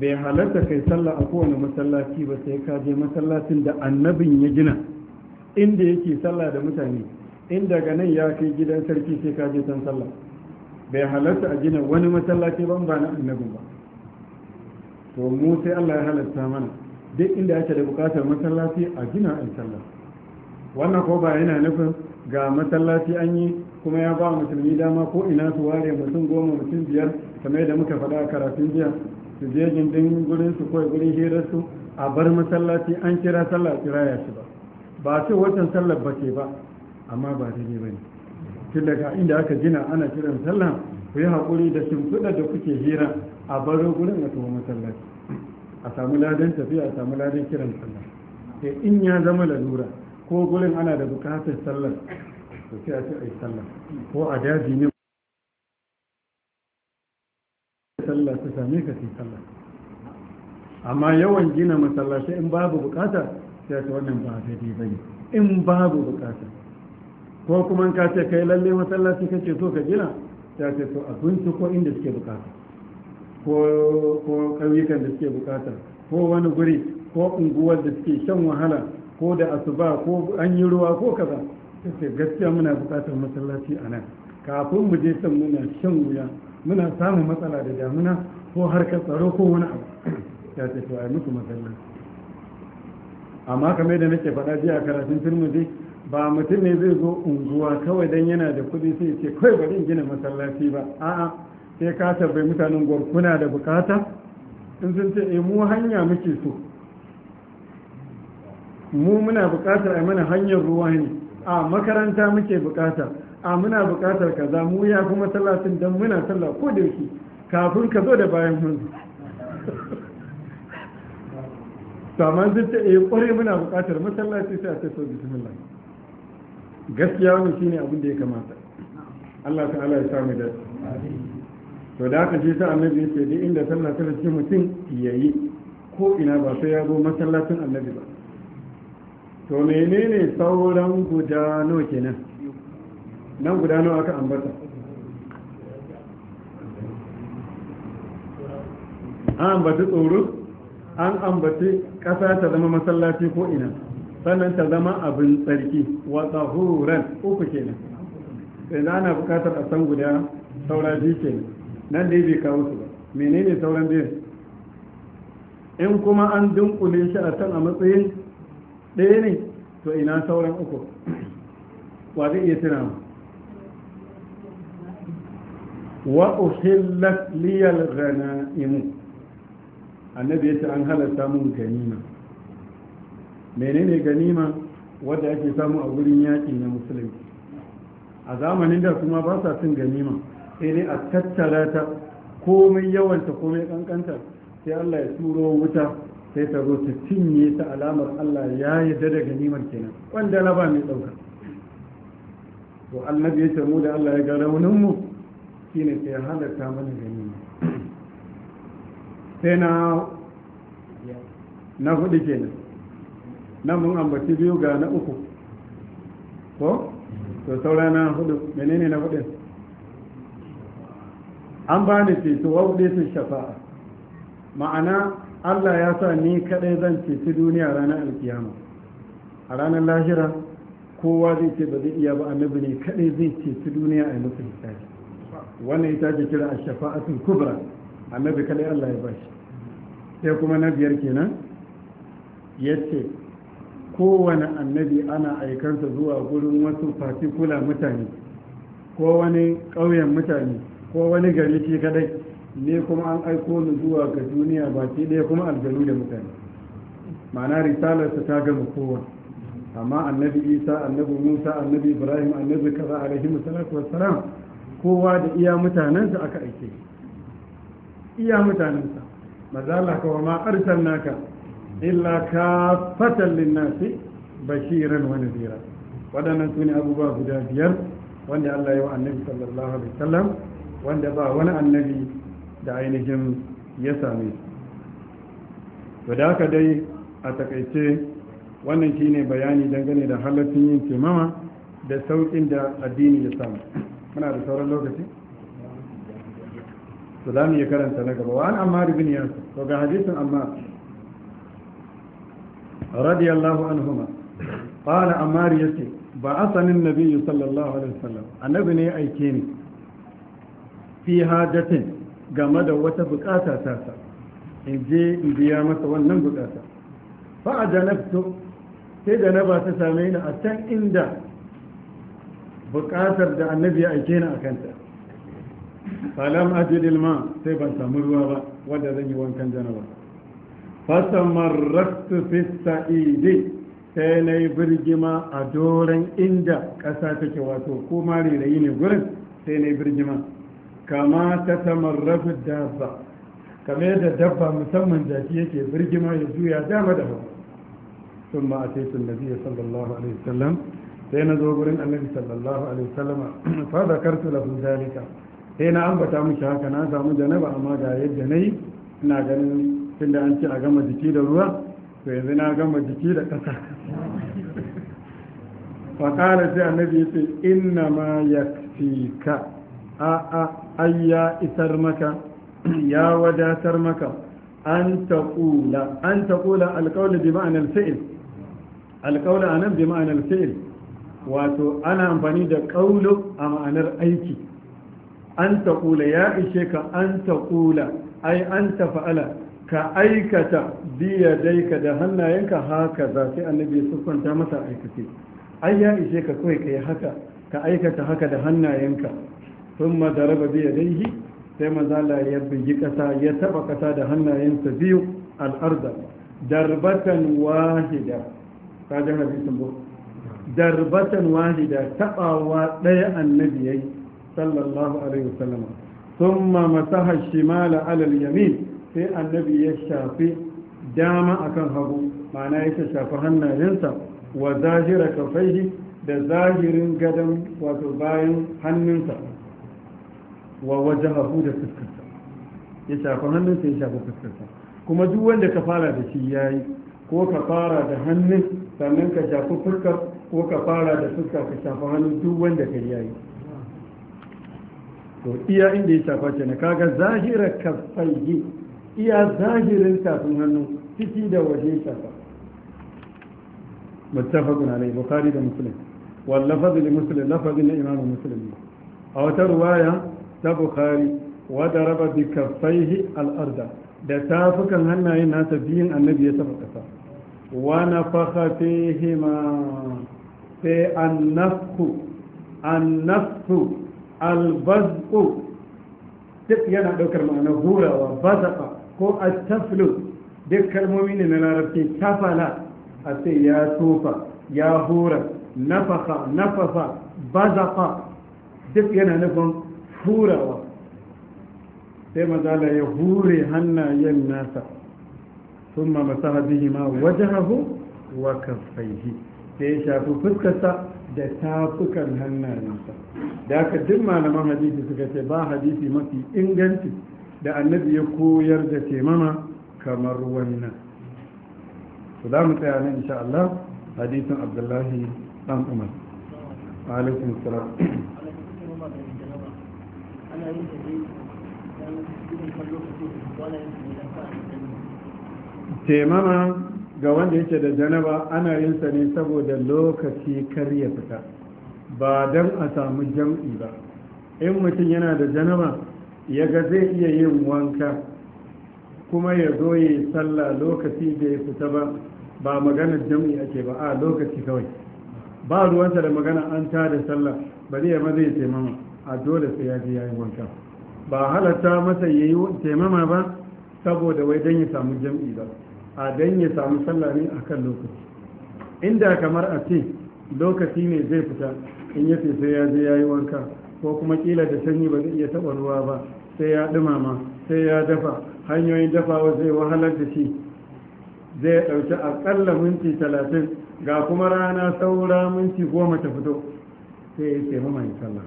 bai halarta kai sallah a kowane masallaci ba sai ka je masallacin da annabin ya gina inda yake sallah da mutane in daga nan ya kai gidan sarki sai ka je san sallah bai halarta a gina wani masallaci ban ba na annabin ba to mu sai Allah ya halarta mana duk inda yake da bukatar masallaci a gina a sallah wannan ko ba yana nufin ga masallaci an yi kuma ya ba musulmi dama ko ina su ware mutum goma mutum biyar kamar da muka faɗa a karatun jiya su je gindin gurin su kawai gurin hirar su a bar masallaci an kira sallah kira ya shi ba ba ce watan sallar ba ce ba amma ba daidai ba ne tun daga inda aka gina ana kiran sallah ku yi haƙuri da shimfiɗa da kuke hira a baro gurin a kuma masallaci a samu ladan tafiya a samu ladan kiran sallah sai in ya zama lalura ko gurin ana da bukatar sallar to sai a ce a yi sallah ko a daji ne Allah ta same ka sai sallah amma yawan gina masallaci in babu bukata sai ta wannan ba dai bane in babu bukata ko kuma ka ce kai lalle masallaci kake so ka gina ta ce a gunsu ko inda suke bukata ko ko kan da suke bukata ko wani guri ko unguwar da suke shan wahala ko da asuba ko an yi ruwa ko kaza sai gaskiya muna bukatar masallaci a nan kafin mu je san muna shan wuya muna samun matsala da damuna ko harkar tsaro ko wani abu ya ce to a musu amma kamar da nake faɗa jiya a karatun turmuzi ba mutum ne zai zo unguwa kawai don yana da kuɗi sai ce kawai bari in gina masallaci ba a'a sai ka tabbai mutanen Kuna da bukata in sun ce eh, mu hanya muke so mu muna bukatar a mana hanyar ruwa ne a makaranta muke bukata a muna buƙatar kaza mu ya kuma talatin don muna sallah ko da yake kafin ka zo da bayan mun saman (laughs) zai ta yi eh, ƙwarai muna buƙatar masallaci sai a ce so bismillah gaskiya wani shine abin da ya kamata Allah ta'ala ya samu da to da aka ce sa annabi yake duk inda sallah ta ce mutum yi, ko ina ba sai ya zo masallacin annabi ba to menene sauran guda nawa kenan nan guda nawa aka ambata an ambaci tsoro an ambaci ƙasa ta zama masallaci ko ina sannan ta zama abin tsarki wata huran uku kenan sai da ana bukatar a san guda saura biyu kenan nan dai bai kawo su ba menene sauran biyu in kuma an dunkule shi a can a matsayin ɗaya ne to ina sauran uku wa zai iya tunawa wa uhillat liyal ghanaimu annabi yace an halarta mun ganima menene ganima wanda ake samu a gurin yaki na musulmi a zamanin da kuma ba sa cin ganima sai dai a tattara ta komai yawanta komai kankanta sai Allah ya turo wuta sai ta zo ta cinye ta alamar Allah ya yarda da ganimar kenan wanda ba mai dauka to annabi ya mu da Allah ya ga raunin mu shine sai halatta mana ganima sai na na hudu kenan na mun ambaci biyu ga na uku ko to saura na hudu menene na hudu an ba ni ceto hudu sun shafa'a ma'ana allah ya sa ni kadai zan ceci duniya ranar alkiyama a ranar lahira kowa zai ce ba zai iya ba annabi ne kadai zai ceci duniya a mutu hisabi wannan ita ce kira ash-shafa'atul kubra annabi kadai Allah ya bashi sai kuma na biyar kenan yace kowane annabi ana aikansa zuwa gurin wasu fatikula mutane ko wani ƙauyen mutane ko wani gari shi kadai ne kuma an aiko ni zuwa ga duniya baki ɗaya kuma aljanu da mutane ma'ana risalarsa ta gama kowa amma annabi isa annabi musa annabi ibrahim annabi kaza alaihi salatu wassalam kowa da iya mutanensa aka aike iya mutanensa mazala ka ma ma naka, illa ka fatan nasi bashiran wa nadira waɗannan su ne abubuwa guda biyar wanda Allah ya wa annabi sallallahu alaihi wasallam wanda ba wani annabi da ainihin ya same su da dai a takaice wannan shine bayani dangane da halattun yin kimama da sauƙin da addini ya samu muna da sauran lokaci to za mu karanta na gaba wa'an amma ribin yansu to ga hadisin amma radiyallahu anhuma qala ya ce. ba asanin nabiyyu sallallahu alaihi wasallam annabi ne aike ni fi hajatin game da wata bukata ta sa in je in biya masa wannan bukata fa ajanabtu sai da na ba ta same ni a can inda buƙatar da annabi ya aike ni kanta falam ajidil ma sai ban samu ruwa ba wanda zan yi wankan janaba fasamarrastu fista sa'idi sai na yi birgima a doron inda ƙasa take wato ko ma rerayi ne gurin sai na yi birgima kama ta tamarrafi dabba kame da dabba musamman jaki yake birgima ya juya dama da hawa sun ma a nabi ya sallallahu alaihi wasallam sai na zo gurin annabi sallallahu alaihi wasallama fa zakartu lahu dalika sai na ambata miki haka na samu janaba amma ga yadda nayi ina ganin tunda an ce a gama jiki da ruwa to yanzu na gama jiki da ƙasa fa qala sai annabi yace inna ma yaktika a a ayya isar maka (clears throat) ya wadatar maka an taqula an taqula alqawlu bi ma'na alfi'l fil alqawlu anan bi ma'na alfi'l wato ana amfani da ƙaulu a ma'anar aiki an taƙula ya ishe ka an taƙula ai an fa'ala ka aikata biya dai ka da hannayenka haka za sai annabi ya siffanta masa aikace ai ya ishe ka kawai ka yi haka ka aikata haka da hannayenka sun madaraba biya daihi sai mazala ya bugi ƙasa ya taɓa ƙasa da hannayensa biyu al'arda darbatan wahida ka ji darbatan wahida tabawa daya annabi yayi sallallahu alaihi wasallam thumma masaha shimala alal yamin sai annabi ya shafi dama akan hagu ma'ana ya shafi hannayensa wa zahira kafaihi da zahirin gadon wato bayan hannunsa wa wajahahu da fuskarsa ya shafi hannunsa ya shafi fuskarsa kuma duk wanda ka fara da shi yayi ko ka fara da hannun sannan ka shafi fuskar ko ka fara da suka ka shafa hannu duk wanda ka yi yayi to iya inda ya shafa ce na kaga zahira ka fayi iya zahirin tafin hannu ciki da waje shafa mutafakun alai bukari da musulun wallafazin da musulun lafazin na imamu musulun a wata ruwaya ta bukari wata raba bi ka fayi al'arda da fukan hannayen nasa biyun annabi ya taba kasa wa na fahafi hima sai annafku annafku albazku duk yana ɗaukar ma'anar hurawa bazafa ko attaflu duk kalmomi ne na larabci tafala a sai ya tofa ya hura nafaka nafafa bazafa duk yana nufin hurawa sai mazala ya hure hannayen nasa ثم مسح بهما وجهه وكفيه da ya shafi fuskarsa da tafukan hannayensa da aka duk malaman hadisi suka ce ba hadisi mafi inganci da annabi ya koyar da taimama kamar wannan su za mu tsaya nan insha Allah hadisin abdullahi dan umar alaikun salam taimama ga wanda yake da janaba ana yin sa ne saboda lokaci kar ya fita ba don a samu jam'i ba in mutum yana da janaba ya ga zai iya yin wanka kuma ya zo ya yi sallah lokaci da fita ba ba magana jam'i ake ba a lokaci kawai ba ruwansa da magana an ta da sallah ba zai ma zai taimama a dole sai ya je ya yi wanka ba halatta masa ya yi taimama ba saboda wai don ya samu jam'i ba a don ya samu sallah ne a kan lokaci inda kamar a ce lokaci ne zai fita in ya sai ya je ya yi wanka ko kuma kila da sanyi ba zai iya taɓa ruwa ba sai ya ɗumama sai ya dafa hanyoyin dafawa zai wahalar da shi zai ɗauki aƙalla minti talatin ga kuma rana saura minti goma ta fito sai ya ce mama ya sallah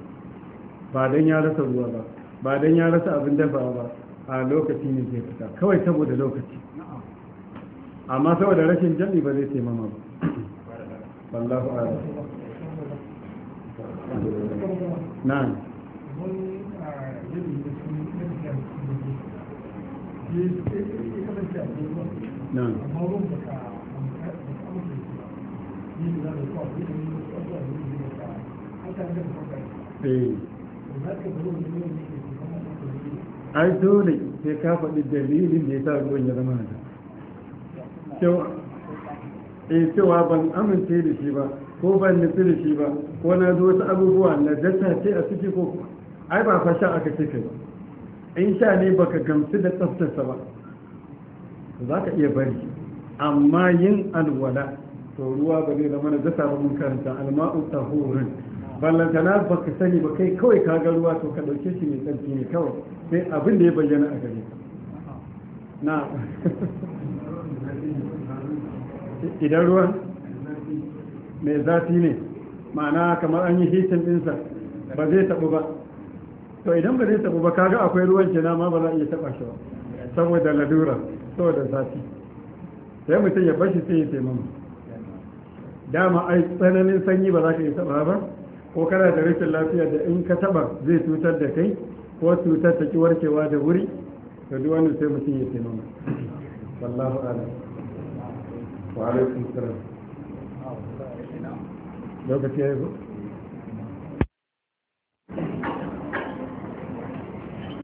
ba don ya rasa ruwa ba ba don ya rasa abin dafawa ba a lokaci ne zai fita kawai saboda lokaci amma saboda rashin jami ba zai taimama ba wallahu ala na'am eh. ai dole sai ka faɗi dalilin da ya sa ruwan ya zama na ta Eh, cewa ban amince da shi ba ko ban nufi da shi ba ko na zo wasu abubuwa na jasa ce a ciki ko ai ba fasha aka ce kai ba in sha ne baka gamsu da tsaftarsa ba za ka iya bari amma yin alwala to ruwa ba zai zama na jasa ba mun karanta alma'u tahurin ballantana ba ka sani ba kai kawai ka ga ruwa to ka ɗauke shi mai tsarki ne kawai sai abin da ya bayyana a gare ka na (laughs) idan ruwan mai zafi ne ma'ana kamar an yi hitin dinsa ba zai taɓu ba to idan ba zai taɓu ba kaga akwai ruwan kina ma ba za a iya taɓa shi ba saboda ladura saboda zafi sai mutum ya bashi sai ya taimama dama ai tsananin sanyi ba za ka iya taɓa ba ko kana da rashin lafiya da in ka taɓa zai cutar da kai ko cutar ta ki warkewa da wuri to duk sai mutum ya taimama wallahu a'lam wa alaikum salam lokaci ya yi